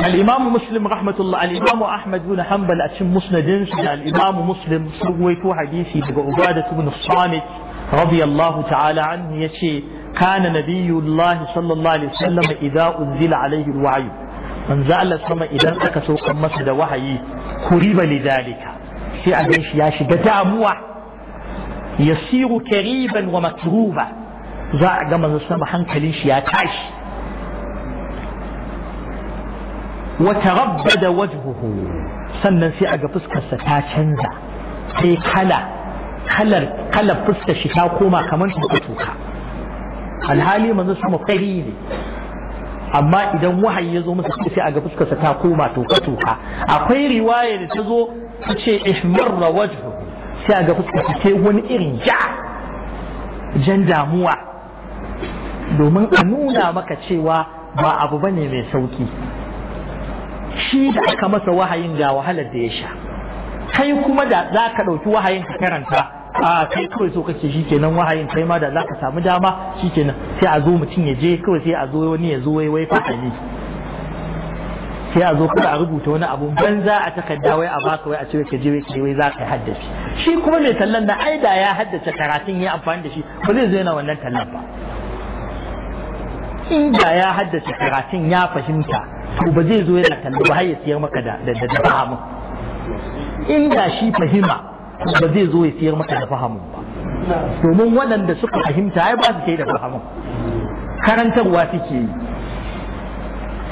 الإمام مسلم رحمة الله الإمام أحمد بن حنبل أتشم مسندين الإمام مسلم سويتو حديثي بعبادة بن الصامت رضي الله تعالى عنه يشي كان نبي الله صلى الله عليه وسلم إذا أنزل عليه الوعي من زال السماء إذا أنتك سوق مسجد وحي قريب لذلك في أبيش ياشي قتع موح يسير كريبا ومكروبا زاع جمع السماء حنك ليش يا تعش وتربد وجهه سنة سيئة قفسك ستا تنزع في كلا خلر قلب فسك الشتاء وقوما كمان تبقى الحالي من السماء قريبا أما إذا مو هي يزوم سكسي أجبسك ستا قوما توكا توكا أخير رواية تزو تشي إحمر وجهه sai a ga kuka fice wani irin ja jan damuwa domin a nuna maka cewa ba abu bane mai sauki shi da aka masa wahayin ga wahalar da ya sha kai kuma da za ka ɗauki wahayin ka karanta a kai kawai so kake shi kenan wahayin kai ma da za ka samu dama shi kenan sai a zo mutum ya je kawai sai a zo wani ya zo wai wai ne. sai a zo kada a rubuta wani abu ban za a takarda wai a baka wai a ce ka je wai ka wai za ka haddace shi kuma mai tallan da ai da ya haddace karatun ya amfani da shi ba zai zo yana wannan tallan ba in da ya haddace karatun ya fahimta to ba zai zo yana tallan ba har ya siyar maka da da da in da shi fahima to ba zai zo ya siyar maka da fahimu ba domin waɗanda suka fahimta ai ba su kai da fahimu karantarwa suke yi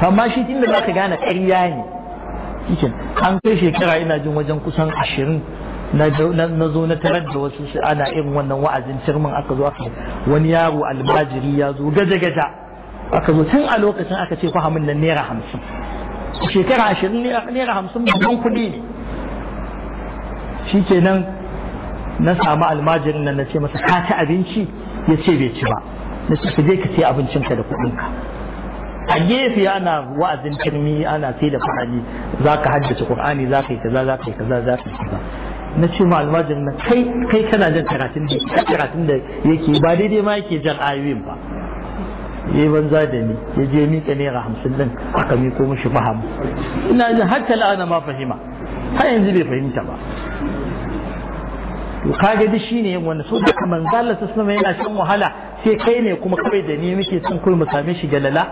amma shi inda za ka gane ƙarya ne an kai shekara ina jin wajen kusan ashirin na zo na tarar da wasu su ana irin wannan wa'azin cirmin aka zo aka wani yaro albajiri ya zo gaja-gaja aka zo tun a lokacin aka ce fahimin nan naira hamsin shekara ashirin naira hamsin babban kuɗi ne shi ke nan na samu almajirin nan na ce masa ka ci abinci ya ce bai ci ba na ce ka je ka ce abincinka da kuɗinka a gefe ana wa'azin turmi ana sai da fahari za ka haddace qur'ani za ka yi kaza za ka yi kaza za ka yi kaza na ce ma almajin na kai kai kana jan karatun da karatun da yake ba daidai ma yake jan ayoyin ba yayi banza da ni ya je miƙa naira hamsin din aka miƙo mishi faham ina jin hatta la'ana ma fahima har yanzu bai fahimta ba to kaga duk shine yin wannan so da manzo Allah sallallahu yana shan wahala sai kai ne kuma kawai da ni muke son kai mu same shi galala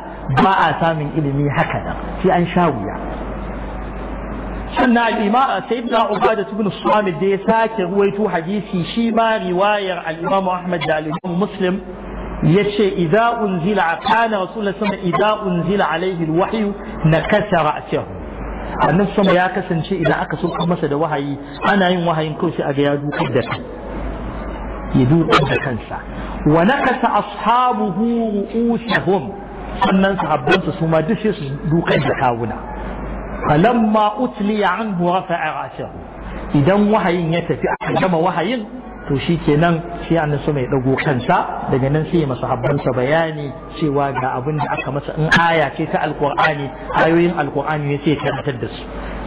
ba a samun ilimi haka nan sai an sha wuya sannan al'ima sayyidina ubada ibn suwamid da ya sake ruwaito hadisi shi ma riwayar al-imam ahmad da al-imam muslim yace idza unzila kana rasulullah sallallahu idza unzila alaihi alwahyu wahyu nakasa ra'sahu annabi sama ya kasance idan aka so masa da wahayi ana yin wahayin kawai sai ga ya dukar da kai ya da kansa wa nakasa ashabuhu sannan sahabbansa su ma duk sai su dukar da kawuna falamma utliya anhu rafa'a ra'sahu idan wahayin ya tafi aka gama wahayin to shi kenan sai annabi mai ɗago kansa daga nan sai masa habbansa bayani cewa ga abin da aka masa in aya ce ta alqur'ani ayoyin alqur'ani ne sai karantar da su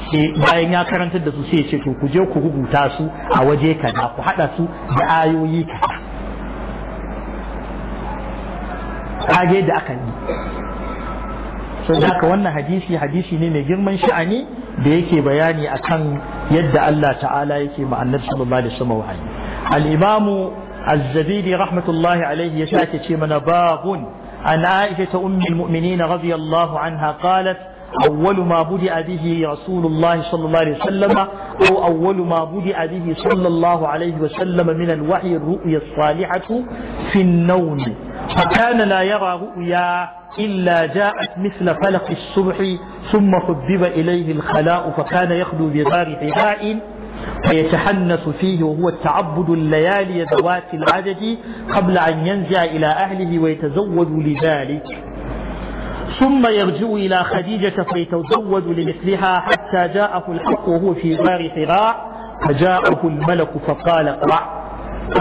sai bayan ya karantar da su sai ya ce to ku je ku rubuta su a waje kaza ku hada su da ayoyi kaza kage da aka yi sai haka wannan hadisi hadisi ne mai girman sha'ani da yake bayani akan yadda Allah ta'ala yake ma'annar annabi sallallahu alaihi wasallam الإمام الزبيدي رحمة الله عليه يشاكي من باب عن عائشة أم المؤمنين رضي الله عنها قالت أول ما بدأ به رسول الله صلى الله عليه وسلم أو أول ما بدأ به صلى الله عليه وسلم من الوحي الرؤيا الصالحة في النوم فكان لا يرى رؤيا إلا جاءت مثل فلق الصبح ثم حبب إليه الخلاء فكان يخلو بدار حذاء فيتحنث فيه وهو التعبد الليالي ذوات العدد قبل أن ينزع إلى أهله ويتزوج لذلك ثم يرجع إلى خديجة فيتزوج لمثلها حتى جاءه الحق وهو في غار حراء فجاءه الملك فقال اقرأ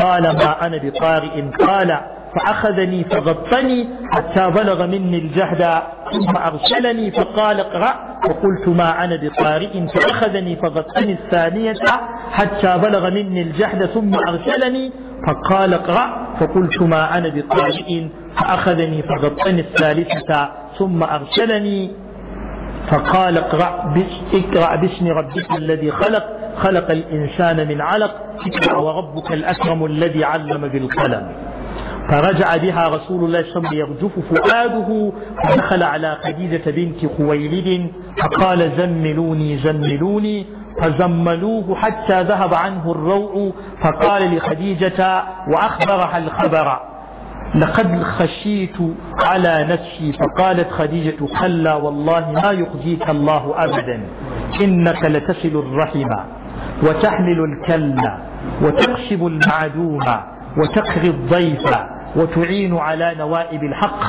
قال ما أنا بقارئ قال فأخذني فغطني حتى بلغ مني الجهد ثم أرسلني فقال اقرأ فقلت ما أنا بقارئ فأخذني فغطني الثانية حتى بلغ مني الجهد ثم أرسلني فقال اقرأ فقلت ما أنا بقارئ فأخذني فغطني الثالثة ثم أرسلني فقال اقرأ اقرأ باسم ربك الذي خلق خلق الإنسان من علق اقرأ وربك الأكرم الذي علم بالقلم فرجع بها رسول الله صلى الله عليه وسلم يرجف فؤاده فدخل على خديجة بنت خويلد فقال زملوني زملوني فزملوه حتى ذهب عنه الروع فقال لخديجة وأخبرها الخبر لقد خشيت على نفسي فقالت خديجة كلا والله ما يخزيك الله أبدا إنك لتصل الرحم وتحمل الكلا وتكسب المعدومة وتقري الضيف وتعين على نوائب الحق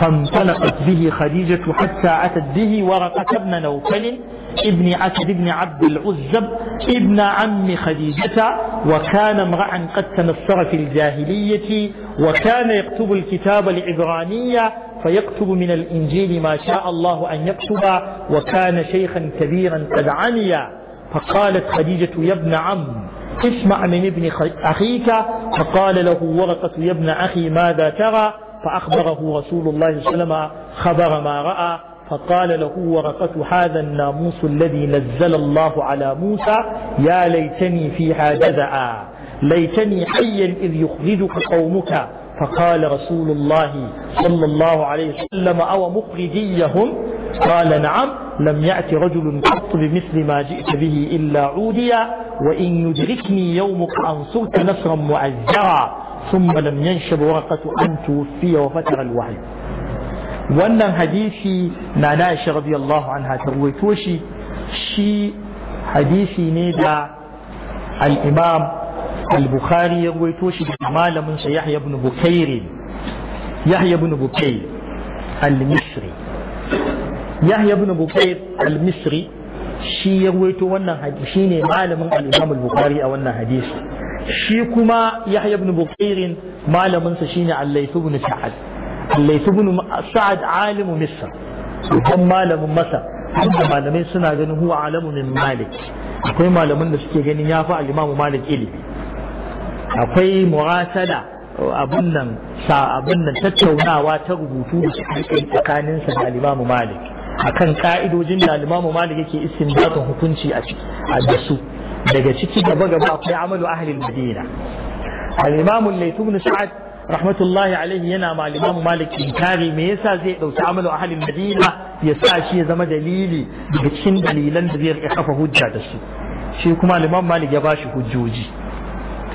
فانطلقت به خديجة حتى أتت به ورقة بن نوفل ابن أسد بن عبد العزب ابن عم خديجة وكان امرأ قد تنصر في الجاهلية وكان يكتب الكتاب العبرانية فيكتب من الإنجيل ما شاء الله أن يكتب وكان شيخا كبيرا قد عمي فقالت خديجة يا ابن عم اسمع من ابن أخيك فقال له ورقة يا ابن أخي ماذا ترى فأخبره رسول الله صلى الله عليه وسلم خبر ما رأى فقال له ورقة هذا الناموس الذي نزل الله على موسى يا ليتني فيها جزعا ليتني حيا إذ يخرجك قومك فقال رسول الله صلى الله عليه وسلم أو مخرجيهم قال نعم لم يأتي رجل قط بمثل ما جئت به إلا عوديا وإن يدركني يومك أنصرت نصرا معزرا ثم لم ينشب ورقة أن توفي وفتر الوعي وأن حديثي نعناش رضي الله عنها ترويتوشي شي حديثي نيدا الإمام البخاري يبويت وشي جمال من يحيى بن بكير يحيى بن بكير المصري yahya ibn bukayr al-misri shi ya ruwaito wannan hadisi shine malamin al-imam al-bukhari a wannan hadisi shi kuma yahya ibn bukayr malamin sa shine al-layth ibn sa'ad al-layth ibn sa'ad alimu misr dan malamin masa da malamai suna ganin huwa alamu min malik akwai malaman da suke ganin ya fi al-imam malik ilimi akwai murasala abin nan tattaunawa ta rubutu da suke tsakaninsa da al-Imam Malik akan ka'idojin da limamu malik yake istinbatun hukunci a ciki a dasu daga ciki gaba gaba akwai amalu ahlil madina al-imamu laytun sa'ad rahmatullahi alaihi yana ma limamu malik inkari me yasa zai dauki amalu ahlil madina ya sa shi ya zama dalili daga cikin dalilan da zai kafa hujja da shi shi kuma limamu malik ya bashi hujjoji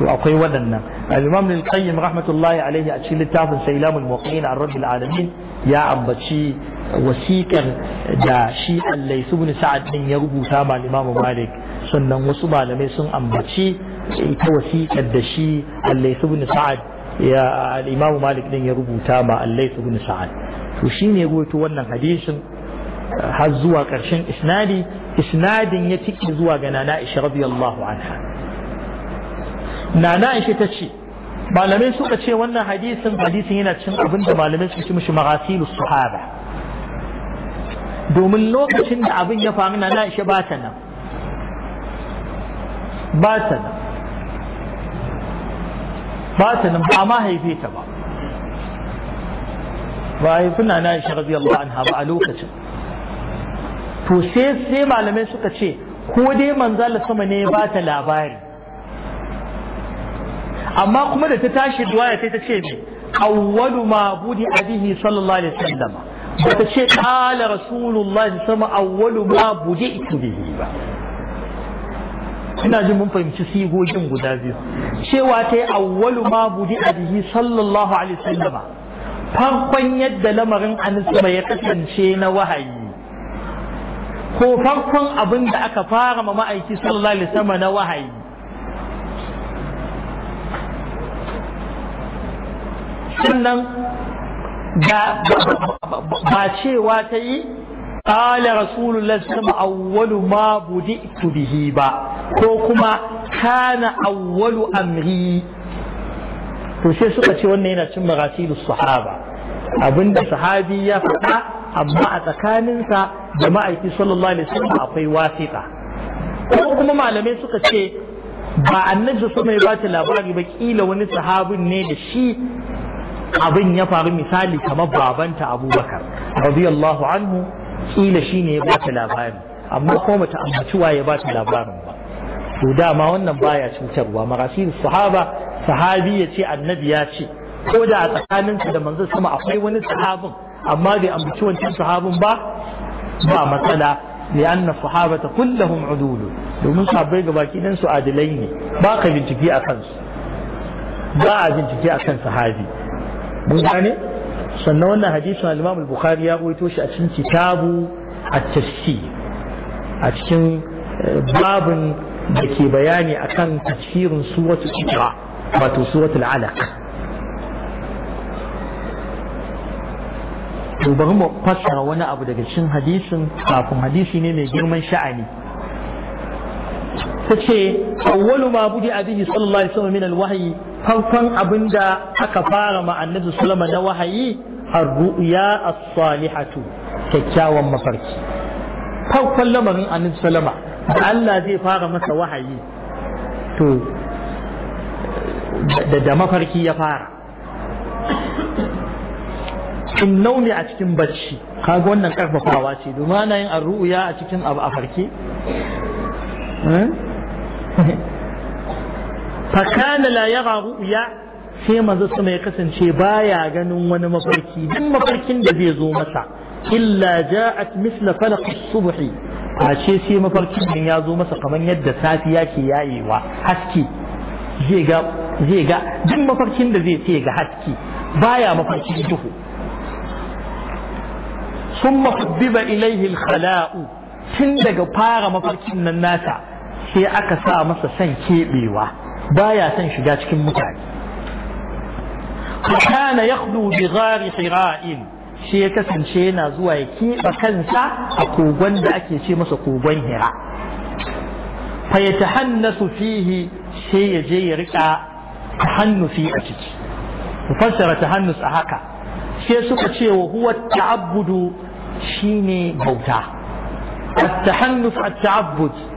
to akwai waɗannan al-imam al-qayyim rahmatullahi alaihi a cikin littafin sailamul muqin ar rabbil alamin ya ambaci wasikar da shi allai ibn sa'ad din ya rubuta ma al-imam malik sannan wasu malamai sun ambaci ita wasikar da shi allai ibn sa'ad ya al-imam malik din ya rubuta ma allai ibn sa'ad to shine ruwaito wannan hadisin har zuwa karshen isnadi isnadin ya tike zuwa ga nana isha radiyallahu anha nana aisha ta ce malamai suka ce wannan hadisin hadisin yana cin abin da malamai suka ce mishi su sahaba domin lokacin da abin ya faru nana aisha ba ta nan ba ta nan ba ta nan ba ma haife ta ba ba haifi nana aisha radiyallahu anha ba a lokacin to sai sai malamai suka ce ko dai manzala sama ne ya ba ta labari amma kuma da ta tashi riwaya sai ta ce me awwalu ma budi abihi sallallahu alaihi wasallam ba ta ce qala rasulullahi sama awwalu ma budi bihi ba ina jin mun fahimci sigogin guda biyu cewa ta yi awwalu ma budi abihi sallallahu alaihi wasallam farkon yadda lamarin anisa ya kasance na wahayi ko farkon abin da aka fara ma ma'aiki sallallahu alaihi wasallam na wahayi sannan ga ba cewa ta yi qala rasulullahi sallallahu awwalu ma ku bihi ba ko kuma kana awwalu amri to sai suka ce wannan yana cin marasilus sahaba abinda sahabi ya faɗa amma a tsakaninsa da ma'aiki sallallahu alaihi wasallam akwai wasiƙa ko kuma malamai suka ce ba annabi su mai ba ta labari ba kila wani sahabin ne da shi abin ya faru misali kamar babanta abubakar radiyallahu anhu kila shine ya bata labarin amma kuma bata ambaci ya bata labarin ba to dama wannan baya cutarwa marasil sahaba sahabi ya ce annabi ya ce ko da a tsakaninsu da manzon sama akwai wani sahabin amma bai ambaci wancan sahabin ba ba matsala لأن الصحابة كلهم عدول domin sahabbai gabaki ɗin su adilai ne ba ka bincike a kansu ba a bincike a kan sahabi mun gane sannan wannan hadisin al-Imam al-Bukhari ya rawaito shi a cikin kitabu at-tafsir a cikin eh, babin da ke bayani akan tafsirin suratul Iqra wato suratul Alaq to bari mu fassara wani abu daga cikin hadisin kafin hadisi ne mai girman sha'ani tace awwalu ma budi abihi sallallahu alaihi wasallam min alwahyi farkon abinda aka fara ma annabi sallama na wahayi ar-ru'ya as-salihatu kyakkyawan mafarki farkon lamarin annabi sallama da Allah zai fara masa wahayi to da mafarki ya fara in nauni a cikin bacci kaga wannan karfafawa ce domin ana yin arru'uya a cikin abu a farke Eh? (laughs) fakana la yara ru'ya sai manzo sama ya kasance baya ganin wani mafarki duk mafarkin da zai zo masa illa ja'at misla falaq as-subhi a ce sai mafarkin din ya zo masa kamar yadda safiya ke yayewa haske zai ga zai ga duk mafarkin da zai ce ga haske baya mafarkin duhu ثم حبب إليه الخلاء tun daga fara mafarkin nan nasa sai aka sa masa son keɓewa baya son shiga cikin mutane kana yakhlu bi ghari hira'in shi ya kasance yana zuwa ya keɓe kansa a kogon da ake ce masa kogon hira fa yatahannasu fihi sai ya je ya rika a ciki mufassara tahannus a haka sai suka ce wa huwa ta'abbudu shine bauta at-tahannus at-ta'abbud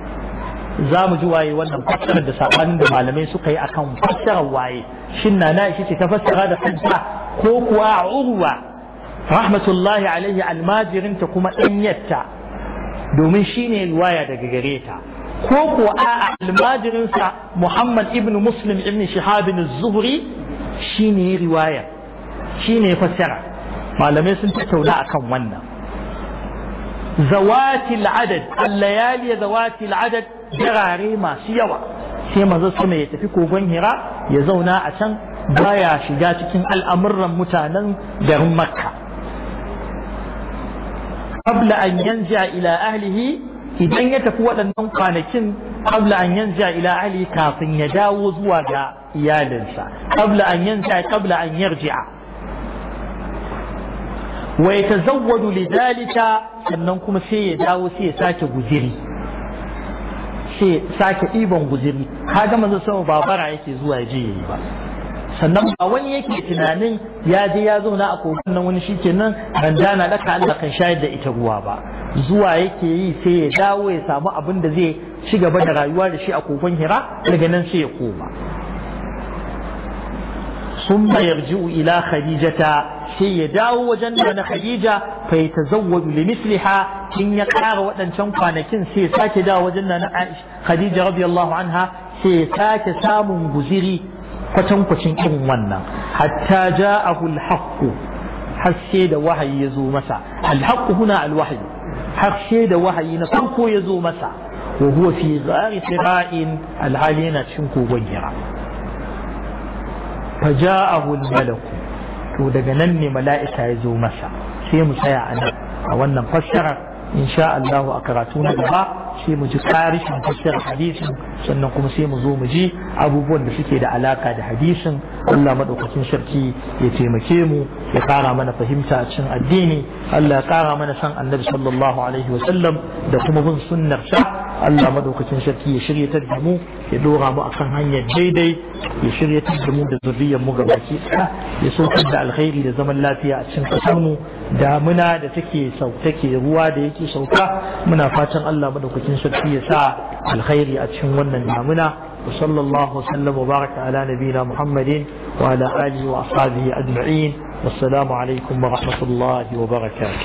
za mu ji waye wannan fassarar da sabanin da malamai suka yi akan fassarar waye shin na na ce ta fassara da kanta ko kuwa urwa rahmatullahi alaihi almajirinta kuma ɗanyarta domin shine riwaya daga gare ta ko kuwa a almajirinsa muhammad ibn muslim ibn shihabin zuhri shine riwaya shine fassara malamai sun tattauna akan wannan zawati al'adad al-layali zawati al'adad jirare masu yawa sai maza sama ya tafi kogon hira ya zauna a can baya shiga cikin al'amuran mutanen garin makka qabla an yanja ila ahlihi idan ya tafi waɗannan kwanakin qabla an yanja ila ahlihi kafin ya dawo zuwa ga iyalinsa qabla an yanja qabla an yarji'a wa yatazawwadu lidalika sannan kuma sai ya dawo sai ya sake guziri sai sake ɗiban guziri kaga manzo sama ba bara yake zuwa ya je yi ba sannan ba wani yake tunanin ya je ya zauna a kogon nan wani shikenan bandana daka Allah kan shayar da ita ruwa ba zuwa yake yi sai ya dawo ya samu abin da zai ci gaba da rayuwa da shi a kogon hira daga nan sai ya koma ثم يرجع إلى خديجة شيء داو وجنة خديجة فيتزوج لمثلها إن يقار وأن شنقا لكن سيساك داو وجنة خديجة رضي الله عنها سيساك سام بزيري فتنقشن إن ونا حتى جاءه الحق حسيد وحي يزو مسا الحق هنا الوحي حسيد وحي نصرك يزو مسا وهو في غار سراء العالينة شنكو وجرا فجاءه malaku to daga nan ne mala'ika ya zo masa sai mu tsaya a nan a wannan fassara insha Allah a karatu na gaba sai mu ji tsarishin tafsir hadisin sannan kuma sai mu zo mu ji abubuwan da suke da alaka da hadisin Allah madaukakin sarki ya taimake mu ya kara mana fahimta a cikin addini Allah ya kara mana san Annabi sallallahu alaihi wa sallam da kuma bin sunnar sa Allah madaukakin sarki ya shiryatar da mu ya dora mu akan hanyar daidai ya shiryatar da mu da zuriyar mu gabaki ɗaya ya saukar da alkhairi da zaman lafiya a cikin ƙasar mu damuna da take take ruwa da yake sauka muna fatan Allah madaukakin cikin sarki ya sa alkhairi a cikin wannan damuna wa sallallahu sallam wa baraka ala nabina muhammadin wa ala alihi wa ashabihi ajma'in wassalamu alaikum wa rahmatullahi wa barakatuh